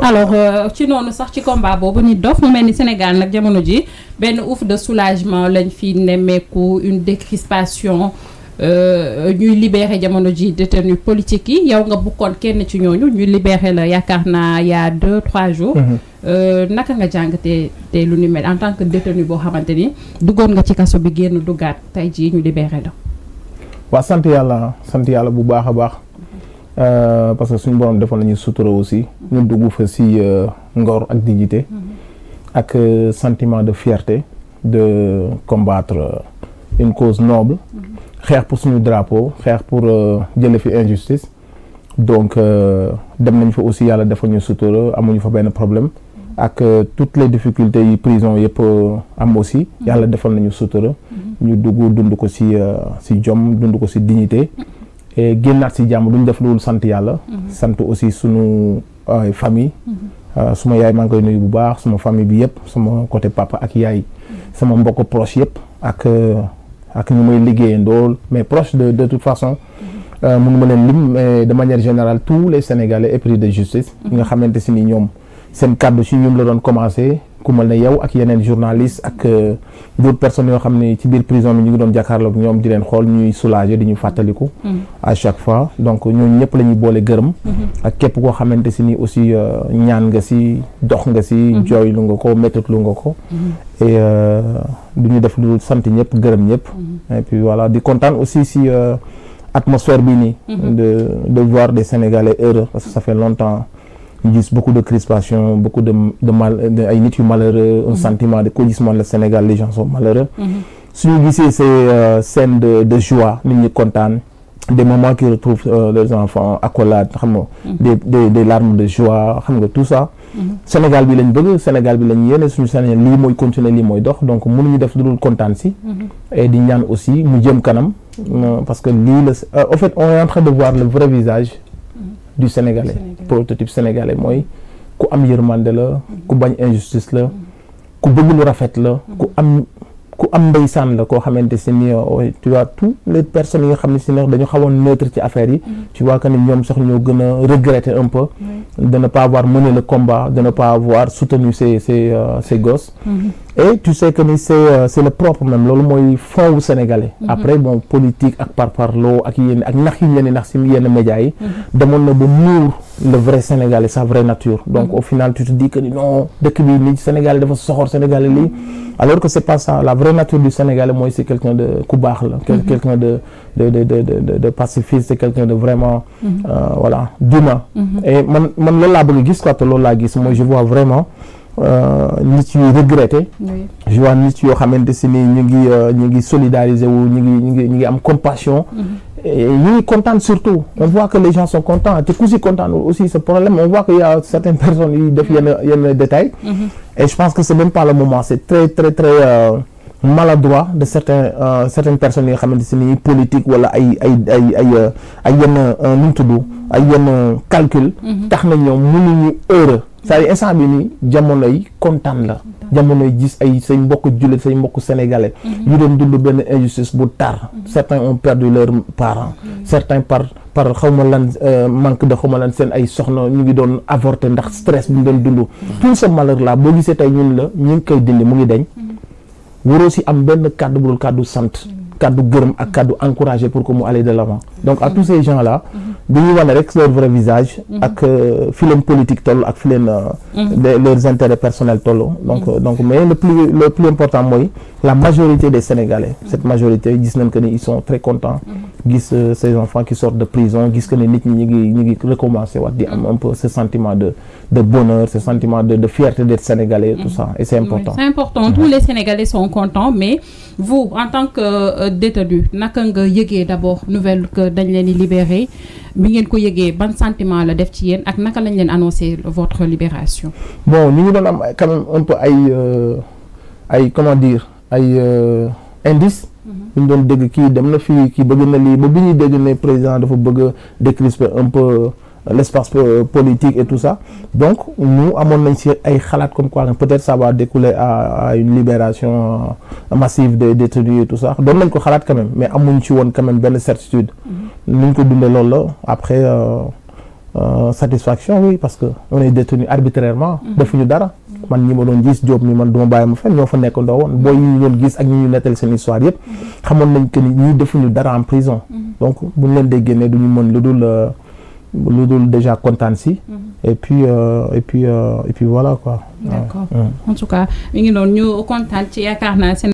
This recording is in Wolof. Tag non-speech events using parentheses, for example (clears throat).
alors euh, ci noonu sax ci combat boobu nit dof mu mel ni Sénégal nag jamono ji benn ouf de soulagement lañ fi nemmeeku une décrispation euh, ñuy libéré jamono ji détenu politique yi yow nga bukkoon kenn ci ñooñu ñu libéré la yaakaar naa y a deux trois jours mm-hmm. euh, naka nga jàngatee te lu ni mel en tant que détenu boo xamante ni duggoon nga ci kaso bi génn duggaat tey jii ñu libéré la waa sant yàlla sant yàlla bu baax a baax Euh, parce que suñu borom defoon nañu sutura aussi mhm. ñu dugg fa si euh, ngor ak dignité mhm. ak euh, sentiment de fierté de combatre une cause noble mhm. xeex pour suñu drapeau xeex pour jële fi injustice donc dem nañ fa aussi yàlla defal ñu sutura amuñu fa benn problème ak toutes les difficultés yi prison yëpp am aussi yàlla defal nañu sutura ñu dugg dund ko ci ci jom dund ko ci dignité (clears throat) Eh, génnaat si jàmm duñ def loolu sant yàlla. Mhm. sant aussi sunu famille. Mhm. Ah, suma yaay maa ngi koy nuyu bu baax suma famille bi yëpp suma côté papa ak yaay. Mhm. sama mbokk proche yëpp ak eh, ak ñu may liggéeyandoo mais proche de de toute façon. Euh, mënu ma leen lim mais de manière générale tous les sénégalais épris de justice. ñi nga xamante si ni ñoom seen kàddu si ñoom la doon commencé. ku mel ne yow ak yeneen journaliste ak euh, d'autres personnes yoo xam ne ci biir prison bi ñu ngi doon jàkkaarloog ñoom di leen xool ñuy soulager di ñu fàttaliku. Mm-hmm. à chaque fois donc ñooñu ñëpp la ñuy boole gërëm. Mm-hmm. ak képp koo xamante si ni aussi euh, ñaan nga si dox nga si. Mm-hmm. jooylu nga ko méttitlu nga ko. et euh, du ñu def lu sant ñëpp gërëm ñëpp. et puis di kontaan aussi si atmosphère bi nii. de de voir des Sénégalais heureux parce que ça fait longtemps. ñu gis beaucoup de crispation beaucoup de de mal ay nit yu malheureux un mhm. sentiment de colissement le Sénégal les gens sont malheureux mhm. suñu gisee ces euh, scènes de de joie nit ñi kontaan des moments qui retrouvent euh, les enfants accolades xam nga mhm. des des des larmes de joie xam nga tout ça Sénégal bi lañ bëgg Sénégal bi lañ yéene suñu Sénégal lii mooy continuer lii mooy dox donc ñu def lu dul kontaan si et di ñaan aussi mu jëm kanam euh, parce que lii la en euh, fait on est en de voir du sénégalais prototype sénégalais mooy ku am yërmande la ku bañ injustice la ku bëgg lu rafet la ku am ku am ndeysaan la koo xamante si ni oh, tu vois tous les yi nga xam ne si ne dañu xawoon neutre ci affaire yi ci mm-hmm. waa que ni ñoom sax ñoo gën a regretter un peu de ne pas avoir mené le combat de ne pas avoir soutenu ses ses ses tu sais que ni c' est euh, le propre même loolu mooy fond wu sénégalais. Mhm. après bon politique ak parparloo ak yenn ak nax yi ñu leen di nax si yenn médias yi. Mhm. demoon na ba muur le vrai sénégalais sa vraie nature. donc mhm. au final tu te dis que ni non dëkk bi nii sénégalais lii. alors que c' est pas la vraie nature du sénégalais mooy c' quelqu'un de ku baax la. quelqu'un de de de de de pacifiste c' quelqu'un de vraiment. Euh, voilà d'humain. et man loolu laa bëgg gis quoi te loolu laa gis mooy je vois vraiment. Euh, nit yu regretté. je vois nit yoo xamante si ni ñu ngi euh, ñu ngi solidariser wu ñu ngi ñu ngi ñu ngi am compassion. Mm-hmm. e ñu ngi kontaan surtout on voit que les gens sont contents te ku si kontaan aussi ce problème on voit que y a certaines (laughs) personnes yu def yenn e détails. Mm-hmm. et je pense que c'est même pas le moment c'est très très très. Euh, maladroit de certains euh, certaines personnes yi nga xamante si ni politique wala ay ay ay ay euh, ay yenn nu mu tudd ay yenn calcul tax na ñoom mënuñu heureux c'est-à-dire instant bi nii jamonoy kontaan la jamonoy gis ay say mbokk jullit say mbokk sénégalais yu mhm. doon dund benn injustice bu tar mhm. certains ont perdu leur parents mhm. certains par par xaw ma lan euh, manque de xaw ma lan seen ay soxna ñu ngi doon avorté ndax stress bu ñu doon dund tout ce malheur là boo gisee tey ñun la ñu ngi koy dindi mu ngi deñ waroo si am benn kàddu bu dul kàddu sant kàddu gërëm ak kàddu encouragé pour que mu aller de l'avant donc à tous ces bi ñuy wane rek leur vrai visage mhm. ak euh, fi leen politique toll ak fi leen euh, mhm. leurs intérêts personnels toll donc mhm. euh, donc mais le plus le plus important mooy la majorité des Sénégalais cette majorité gis nañ que ni ils sont très contents mhm. gis euh, ces enfants qui sortent de prison gis que ni nit ñi ngi ñu ngi recommencé waat di am mhm. un peu ce sentiment de de bonheur ce sentiment de de fierté d'être Sénégalais tout mhm. ça et c'est important c'est tous les Sénégalais sont contents mais vous en tant que euh, détenu naka nga yëgee d'abord nouvelle que dañ leen di libérer bi ngeen ko yëgee ban sentiment la def ci yéen ak naka lañ leen annoncé votre libération bon ñu ngi doon am quand même un peu euh, ay euh, indice bu mhm. doon dégg kii dem na fii kii bëgg na lii ba bi ñuy dégg ne président dafa bëgg a décrisper un peu euh, l'espace euh, politique et tout ça donc nous amoon nañ si ay xalaat comme quoi peut-être ça va découler à une libération massive des détenus et tout ça doon nañ ko xalaat quand même mais amuñ ci woon quand même benn certitude mhm. ni ñu ko dundee loolu la après satisfaction oui parce que on est détenu arbitrairement mhm. defuñu dara man ñi ma doon gis Diop mi man du ma bàyyi ma fenn ñoo fa nekk ndoo woon booy ñu doon gis ak ñi ñu nettali seen histoire yëpp xamoon nañ que ni defuñu dara en prison mm-hmm. donc buñ leen dee génne duñu mën lu dul euh, lu dul déjà kontaan si mm-hmm. et puis euh, et puis euh, voilà quoi d'accord mm. ouais. ngi noonu ñu kontaan ci yaakaar naa seen